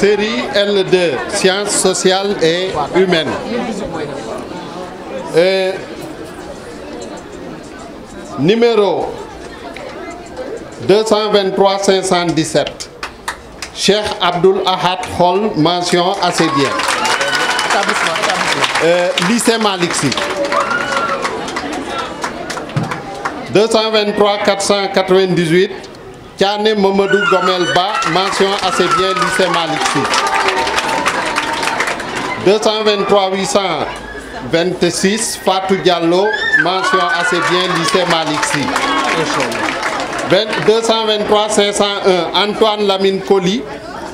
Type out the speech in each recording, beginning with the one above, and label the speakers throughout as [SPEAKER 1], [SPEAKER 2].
[SPEAKER 1] Série L2, sciences sociales et humaines. Euh, numéro 223-517, Cheikh Abdul Ahad Hall, mention assez bien. Euh, lycée Malixi. 223-498, Kane Momodou Gomelba, mention assez bien lycée Malixi. 223 826 Fatou Diallo, mention assez bien lycée Malixi. 223 501 Antoine Lamine Colli,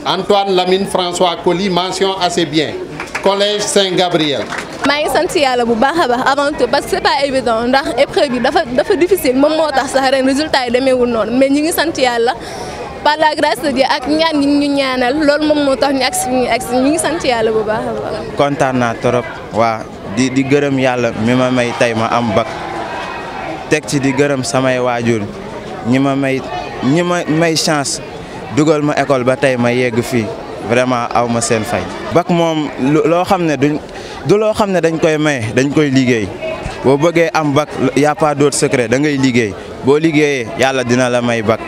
[SPEAKER 1] Antoine Lamine François Colli, mention assez bien. Collège Saint-Gabriel.
[SPEAKER 2] maa ngi sant yàlla bu baax a baax parce que c'est pas évident ndax épreuve bi dafa dafa moom moo tax sax ren résultat yi demeewul noonu mais ñi ngi sant yàlla par la grâce de ak ñaan ñi ñu ñaanal lool moom moo tax ñu agsi ñu ñu ngi bu baax a baax.
[SPEAKER 3] kontaan naa trop waa di di gërëm yàlla mi ma may tey ma am bac teg ci di gërëm samay waajur ñi ma may ñi ma may chance dugal ma école ba tey ma yegg fii vraiment aw ma seen fay. bac moom loo xam ne duñ du loo xam ne dañ koy may dañ koy liggéey boo bëggee am bac y a pas d'autre da ngay liggéey boo liggéeyee yàlla dina la may bac.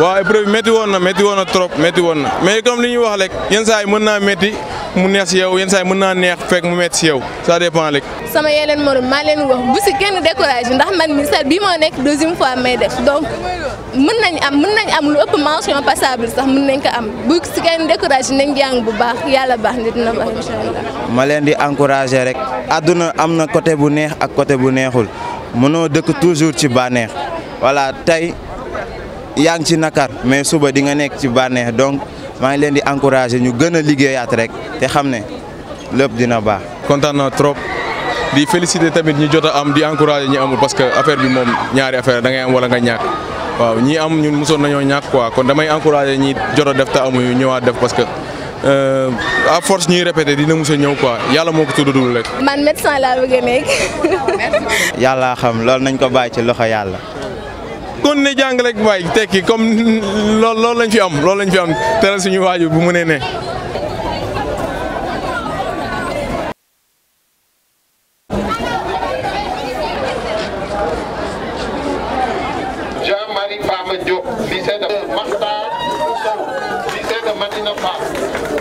[SPEAKER 3] waaw épreuve métti woon na métti woon na
[SPEAKER 4] trop métti woon na mais comme li ñuy wax rek yenn saa yi mën naa métti. mu neex si yow yenn saa yi mën naa neex fekk mu metti si yow ça dépend rek.
[SPEAKER 2] sama yeneen morom maa leen wax bu si kenn découragé ndax man mi sax moo nekk deuxième fois may def donc mën nañ am mën nañ am lu ëpp mention passable sax mën nañ am bu si kenn découragé nañ jàng bu baax yàlla baax na baax
[SPEAKER 3] ma leen di encouragé rek àdduna am na côté bu neex ak côté bu neexul munoo dëkk toujours ci bànneex voilà tey yaa ngi ci nakar mais suba di nga nekk ci bànneex donc. maa ngi leen di encouragé ñu gën a liggéeyaat rek te xam ne lépp dina baax. kontaan trop di félicité tamit ñi jot a am di encouragé ñi amul parce que affaire bi moom
[SPEAKER 4] ñaari affaire da am wala nga ñàkk waaw ñi am ñun mosoon nañoo ñàkk quoi kon damay encouragé ñi jot a def te amuñu ñëwaat def parce que. Euh, à force ñuy répété dina mus a ñëw quoi yàlla moo ko tuddul rek.
[SPEAKER 2] man médecin laa bëgg a
[SPEAKER 3] yàlla xam loolu nañ ko bàyyi ci loxo yàlla.
[SPEAKER 4] kon ne jàngale ak waay tekki comme loolu loolu lañ fi am loolu lañ fi am teral suñu waajur bu mënee ne.
[SPEAKER 1] Jean-Marie Bama Diop lycée de Makhtar Sow lycée de Madina Fall.